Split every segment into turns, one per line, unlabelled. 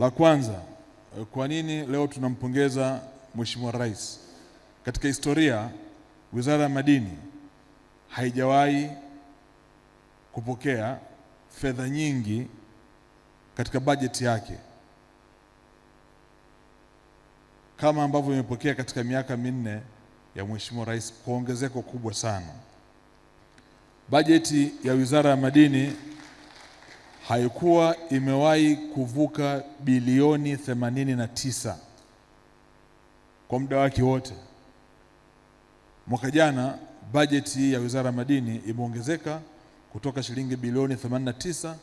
La kwanza, eh, kwa nini leo tunampongeza Mheshimiwa Rais? Katika historia Wizara ya Madini haijawahi kupokea fedha nyingi katika bajeti yake kama ambavyo imepokea katika miaka minne ya Mheshimiwa Rais, kwa ongezeko kubwa sana. Bajeti ya Wizara ya Madini haikuwa imewahi kuvuka bilioni 89 kwa muda wake wote. Mwaka jana bajeti ya Wizara ya Madini imeongezeka kutoka shilingi bilioni 89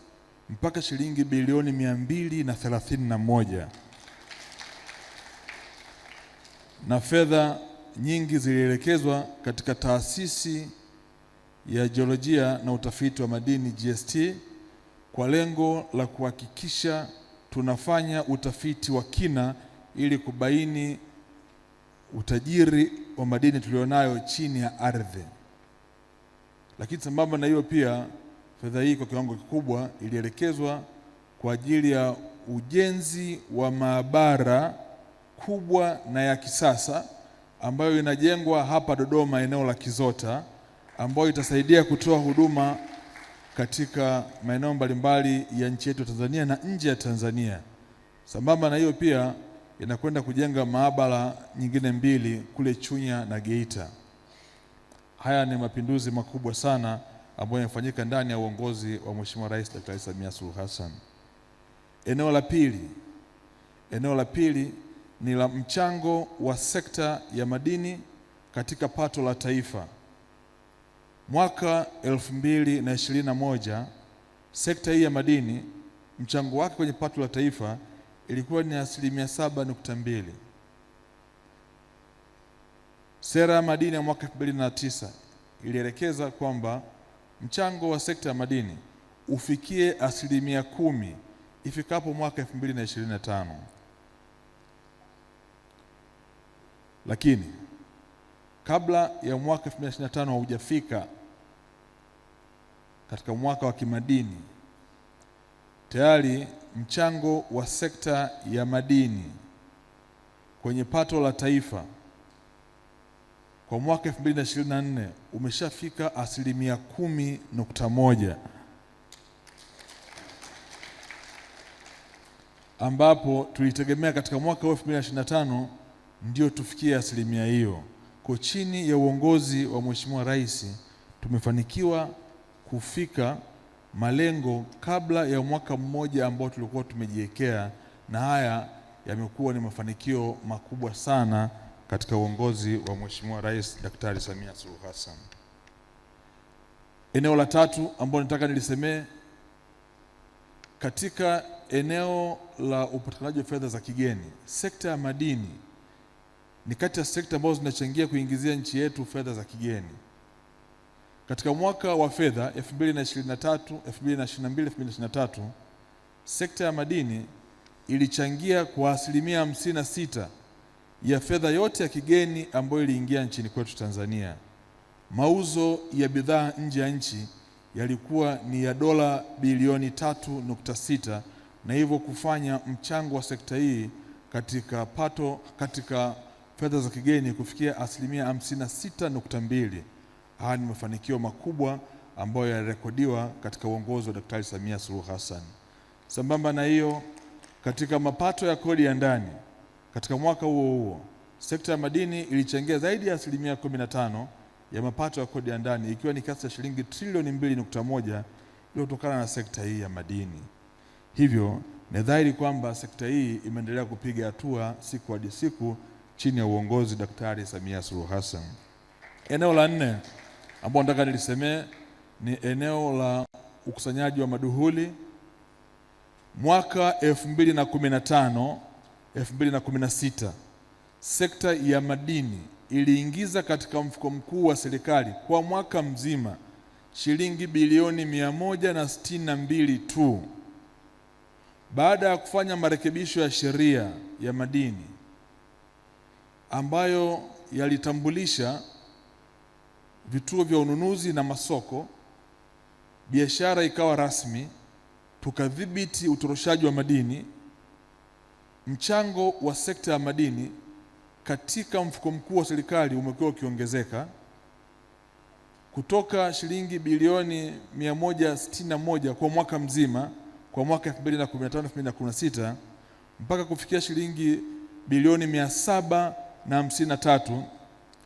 mpaka shilingi bilioni 231 na, na fedha nyingi zilielekezwa katika taasisi ya jiolojia na utafiti wa madini GST kwa lengo la kuhakikisha tunafanya utafiti wa kina ili kubaini utajiri wa madini tulionayo chini ya ardhi. Lakini sambamba na hiyo pia, fedha hii kwa kiwango kikubwa ilielekezwa kwa ajili ya ujenzi wa maabara kubwa na ya kisasa ambayo inajengwa hapa Dodoma, eneo la Kizota, ambayo itasaidia kutoa huduma katika maeneo mbalimbali ya nchi yetu ya Tanzania na nje ya Tanzania. Sambamba na hiyo, pia inakwenda kujenga maabara nyingine mbili kule Chunya na Geita. Haya ni mapinduzi makubwa sana ambayo yamefanyika ndani ya uongozi wa Mheshimiwa Rais Daktari Samia Suluhu Hassan. Eneo la pili, eneo la pili ni la mchango wa sekta ya madini katika pato la taifa. Mwaka moja sekta hii ya madini mchango wake kwenye pato la taifa ilikuwa ni asilimia saba nukta mbili. Sera ya madini ya mwaka tisa ilielekeza kwamba mchango wa sekta ya madini ufikie asilimia kumi ifikapo mwaka tano lakini kabla ya mwaka 2025 haujafika katika mwaka wa kimadini. Tayari mchango wa sekta ya madini kwenye pato la taifa kwa mwaka 2024 umeshafika asilimia kumi nukta moja ambapo tulitegemea katika mwaka wa 2025 ndio tufikie asilimia hiyo. Kwa chini ya uongozi wa Mheshimiwa Rais tumefanikiwa kufika malengo kabla ya mwaka mmoja ambao tulikuwa tumejiwekea, na haya yamekuwa ni mafanikio makubwa sana katika uongozi wa Mheshimiwa Rais Daktari Samia Suluhu Hassan. Eneo la tatu ambalo nataka nilisemee katika eneo la upatikanaji wa fedha za kigeni, sekta ya madini ni kati ya sekta ambazo zinachangia kuingizia nchi yetu fedha za kigeni. Katika mwaka wa fedha 2023 2022 2023 sekta ya madini ilichangia kwa asilimia sita ya fedha yote ya kigeni ambayo iliingia nchini kwetu Tanzania. Mauzo ya bidhaa nje ya nchi yalikuwa ni ya dola bilioni 3.6 na hivyo kufanya mchango wa sekta hii katika pato katika fedha za kigeni kufikia asilimia 56.2. Haya ni mafanikio makubwa ambayo yanarekodiwa katika uongozi wa Daktari Samia Suluhu Hassan. Sambamba na hiyo, katika mapato ya kodi ya ndani katika mwaka huo huo, sekta ya madini ilichangia zaidi ya asilimia 15 ya mapato ya kodi ya ndani ikiwa ni kiasi cha shilingi trilioni 2.1 iliyotokana na sekta hii ya madini. Hivyo ni dhahiri kwamba sekta hii imeendelea kupiga hatua siku hadi siku chini ya uongozi Daktari Samia Suluhu Hassan. Eneo la nne ambao nataka nilisemee ni eneo la ukusanyaji wa maduhuli mwaka 2015 2016 sekta ya madini iliingiza katika mfuko mkuu wa serikali kwa mwaka mzima shilingi bilioni 162 tu. Baada ya kufanya marekebisho ya sheria ya madini ambayo yalitambulisha vituo vya ununuzi na masoko, biashara ikawa rasmi, tukadhibiti utoroshaji wa madini. Mchango wa sekta ya madini katika mfuko mkuu wa serikali umekuwa ukiongezeka kutoka shilingi bilioni 161 kwa mwaka mzima kwa mwaka 2015 2016 mpaka kufikia shilingi bilioni 753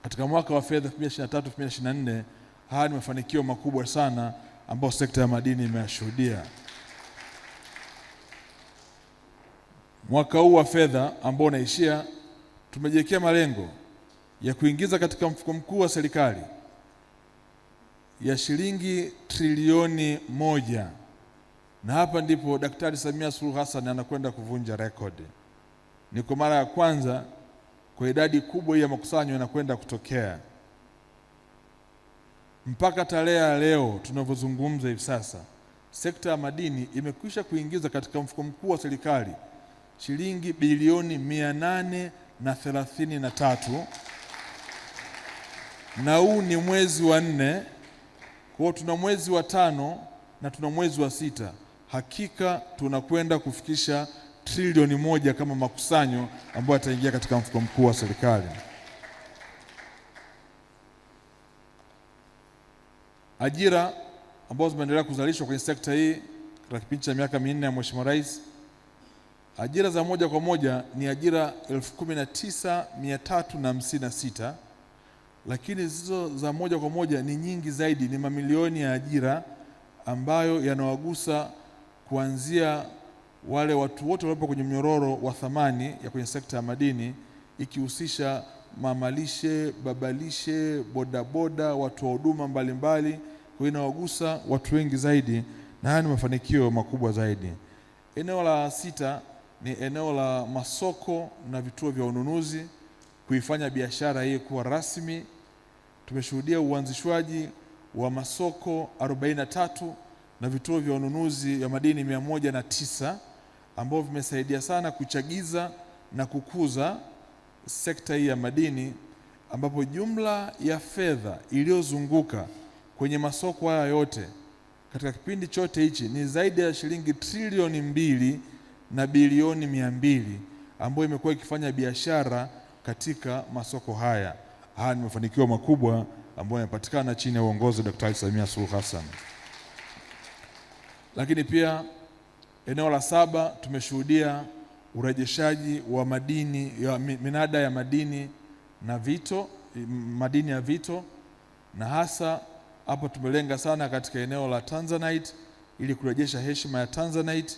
katika mwaka wa fedha 2023 2024, haya ni mafanikio makubwa sana ambayo sekta ya madini imeyashuhudia. Mwaka huu wa fedha ambao unaishia, tumejiwekea malengo ya kuingiza katika mfuko mkuu wa serikali ya shilingi trilioni moja, na hapa ndipo Daktari Samia Suluhu Hassan anakwenda kuvunja rekodi. Ni kwa mara ya kwanza kwa idadi kubwa ya makusanyo yanakwenda kutokea mpaka tarehe ya leo tunavyozungumza hivi sasa, sekta ya madini imekwisha kuingiza katika mfuko mkuu wa serikali shilingi bilioni mia nane na thelathini na tatu na huu ni mwezi wa nne. Kwa hiyo tuna mwezi wa tano na tuna mwezi wa sita. Hakika tunakwenda kufikisha trilioni moja kama makusanyo ambayo yataingia katika mfuko mkuu wa serikali. Ajira ambazo zimeendelea kuzalishwa kwenye sekta hii katika kipindi cha miaka minne ya Mheshimiwa Rais, ajira za moja kwa moja ni ajira 19356 lakini zizo za moja kwa moja ni nyingi zaidi, ni mamilioni ya ajira ambayo yanawagusa kuanzia wale watu wote waliopo kwenye mnyororo wa thamani ya kwenye sekta ya madini ikihusisha mamalishe, babalishe, bodaboda, watu wa huduma mbalimbali, kwa inawagusa watu wengi zaidi, na haya ni mafanikio makubwa zaidi. Eneo la sita ni eneo la masoko na vituo vya ununuzi, kuifanya biashara hii kuwa rasmi. Tumeshuhudia uanzishwaji wa masoko 43 na vituo vya ununuzi ya madini mia moja na tisa ambao vimesaidia sana kuchagiza na kukuza sekta hii ya madini, ambapo jumla ya fedha iliyozunguka kwenye masoko haya yote katika kipindi chote hichi ni zaidi ya shilingi trilioni mbili na bilioni mia mbili ambayo imekuwa ikifanya biashara katika masoko haya. Haya ni mafanikio makubwa ambayo yamepatikana chini ya uongozi wa Daktari Samia Suluhu Hassan. Lakini pia Eneo la saba tumeshuhudia urejeshaji wa madini ya minada ya madini na vito, madini ya vito, na hasa hapa tumelenga sana katika eneo la Tanzanite ili kurejesha heshima ya Tanzanite,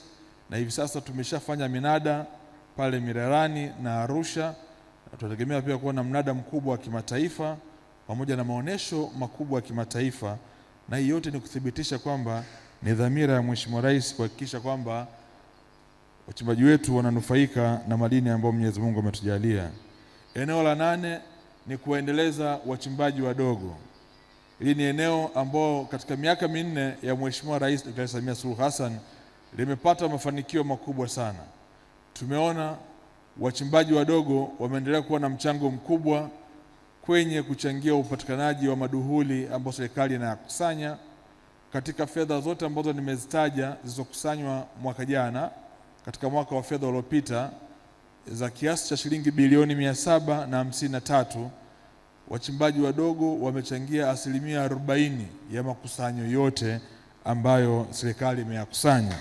na hivi sasa tumeshafanya minada pale Mirerani na Arusha, na tunategemea pia kuwa na mnada mkubwa wa kimataifa pamoja na maonesho makubwa ya kimataifa, na hii yote ni kuthibitisha kwamba ni dhamira ya Mheshimiwa Rais kuhakikisha kwamba wachimbaji wetu wananufaika na madini ambayo Mwenyezi Mungu ametujalia. Eneo la nane ni kuwaendeleza wachimbaji wadogo. Hili ni eneo ambao katika miaka minne ya Mheshimiwa Rais Dr. Samia Suluhu Hassan limepata mafanikio makubwa sana. Tumeona wachimbaji wadogo wameendelea kuwa na mchango mkubwa kwenye kuchangia upatikanaji wa maduhuli ambayo serikali inayakusanya katika fedha zote ambazo nimezitaja zilizokusanywa mwaka jana katika mwaka wa fedha uliopita za kiasi cha shilingi bilioni mia saba na hamsini na tatu wachimbaji wadogo wamechangia asilimia arobaini ya makusanyo yote ambayo serikali imeyakusanya.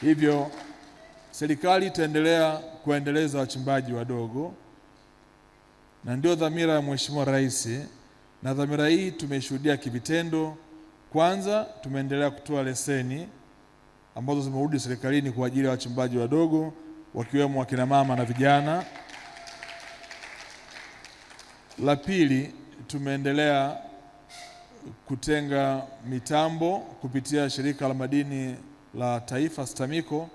Hivyo serikali itaendelea kuendeleza wachimbaji wadogo, na ndio dhamira ya Mheshimiwa Rais na dhamira hii tumeishuhudia kivitendo. Kwanza, tumeendelea kutoa leseni ambazo zimerudi serikalini kwa ajili ya wachimbaji wadogo wakiwemo wakina mama na vijana. La pili, tumeendelea kutenga mitambo kupitia shirika la madini la taifa STAMICO,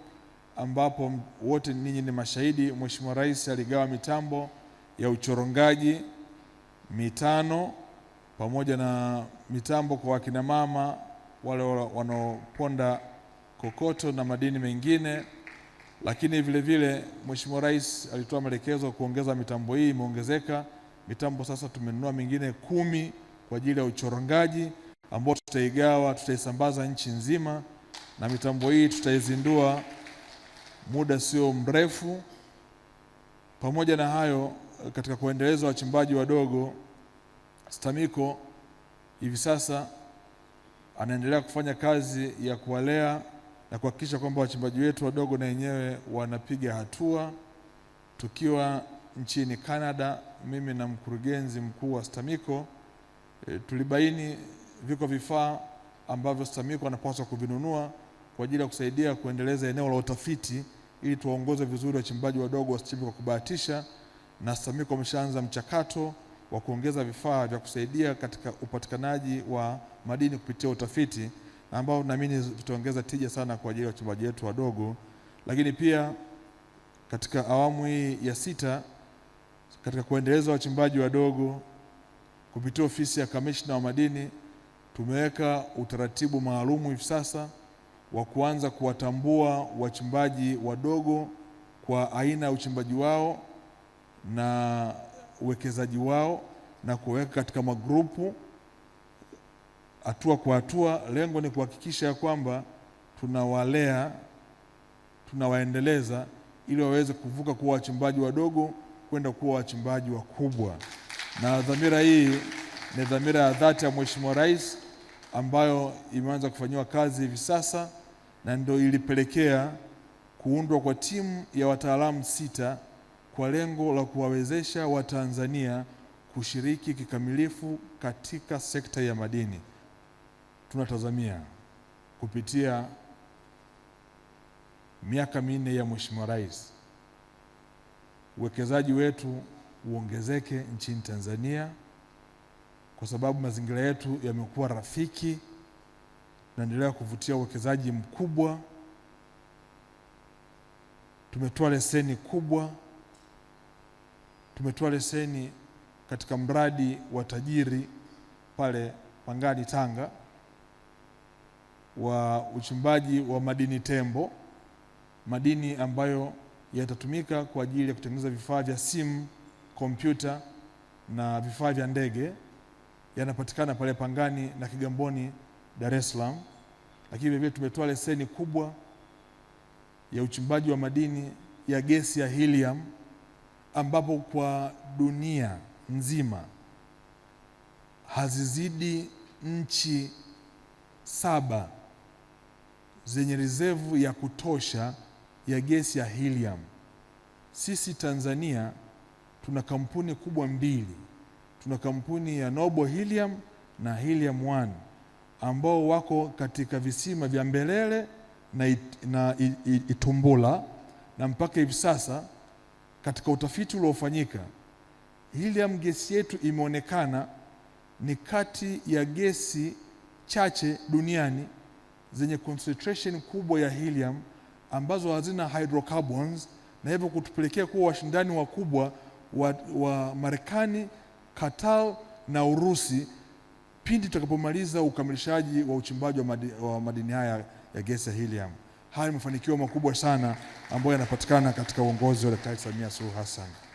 ambapo wote ninyi ni mashahidi, Mheshimiwa Rais aligawa mitambo ya uchorongaji mitano pamoja na mitambo kwa wakina mama wale wanaoponda kokoto na madini mengine. Lakini vile vile Mheshimiwa Rais alitoa maelekezo kuongeza mitambo hii, imeongezeka mitambo sasa, tumenunua mingine kumi kwa ajili ya uchorongaji ambao tutaigawa, tutaisambaza nchi nzima, na mitambo hii tutaizindua muda sio mrefu. Pamoja na hayo, katika kuendeleza wachimbaji wadogo STAMIKO hivi sasa anaendelea kufanya kazi ya kuwalea na kuhakikisha kwamba wachimbaji wetu wadogo na wenyewe wanapiga hatua. Tukiwa nchini Canada, mimi na mkurugenzi mkuu wa STAMIKO e, tulibaini viko vifaa ambavyo STAMIKO anapaswa kuvinunua kwa ajili ya kusaidia kuendeleza eneo la utafiti ili tuwaongoze vizuri wachimbaji wadogo wasichimbe kwa kubahatisha, na STAMIKO wameshaanza mchakato wa kuongeza vifaa vya kusaidia katika upatikanaji wa madini kupitia utafiti ambao naamini tutaongeza tija sana kwa ajili ya wachimbaji wetu wadogo. Lakini pia katika awamu hii ya sita katika kuendeleza wachimbaji wadogo kupitia ofisi ya kamishna wa madini tumeweka utaratibu maalumu hivi sasa wa kuanza kuwatambua wachimbaji wadogo kwa aina ya uchimbaji wao na uwekezaji wao na kuweka katika magrupu hatua kwa hatua. Lengo ni kuhakikisha ya kwamba tunawalea, tunawaendeleza ili waweze kuvuka kuwa wachimbaji wadogo kwenda kuwa wachimbaji wakubwa, na dhamira hii ni dhamira ya dhati ya Mheshimiwa Rais ambayo imeanza kufanyiwa kazi hivi sasa na ndio ilipelekea kuundwa kwa timu ya wataalamu sita kwa lengo la kuwawezesha Watanzania kushiriki kikamilifu katika sekta ya madini. Tunatazamia kupitia miaka minne ya Mheshimiwa Rais, uwekezaji wetu uongezeke nchini Tanzania kwa sababu mazingira yetu yamekuwa rafiki, naendelea kuvutia uwekezaji mkubwa. Tumetoa leseni kubwa tumetoa leseni katika mradi wa tajiri pale Pangani Tanga wa uchimbaji wa madini tembo, madini ambayo yatatumika kwa ajili ya kutengeneza vifaa vya simu, kompyuta na vifaa vya ndege. Yanapatikana pale Pangani na Kigamboni, Dar es Salaam. Lakini vilevile tumetoa leseni kubwa ya uchimbaji wa madini ya gesi ya helium ambapo kwa dunia nzima hazizidi nchi saba zenye rezevu ya kutosha ya gesi ya helium. Sisi Tanzania tuna kampuni kubwa mbili, tuna kampuni ya Noble Helium na Helium One ambao wako katika visima vya Mbelele na, it, na Itumbula na mpaka hivi sasa katika utafiti uliofanyika helium gesi yetu imeonekana ni kati ya gesi chache duniani zenye concentration kubwa ya helium ambazo hazina hydrocarbons na hivyo kutupelekea kuwa washindani wakubwa wa, wa Marekani, Qatar na Urusi pindi tutakapomaliza ukamilishaji wa uchimbaji wa, madi, wa madini haya ya gesi ya helium. Haya ni mafanikio makubwa sana ambayo yanapatikana katika uongozi wa Daktari Samia Suluhu Hassan.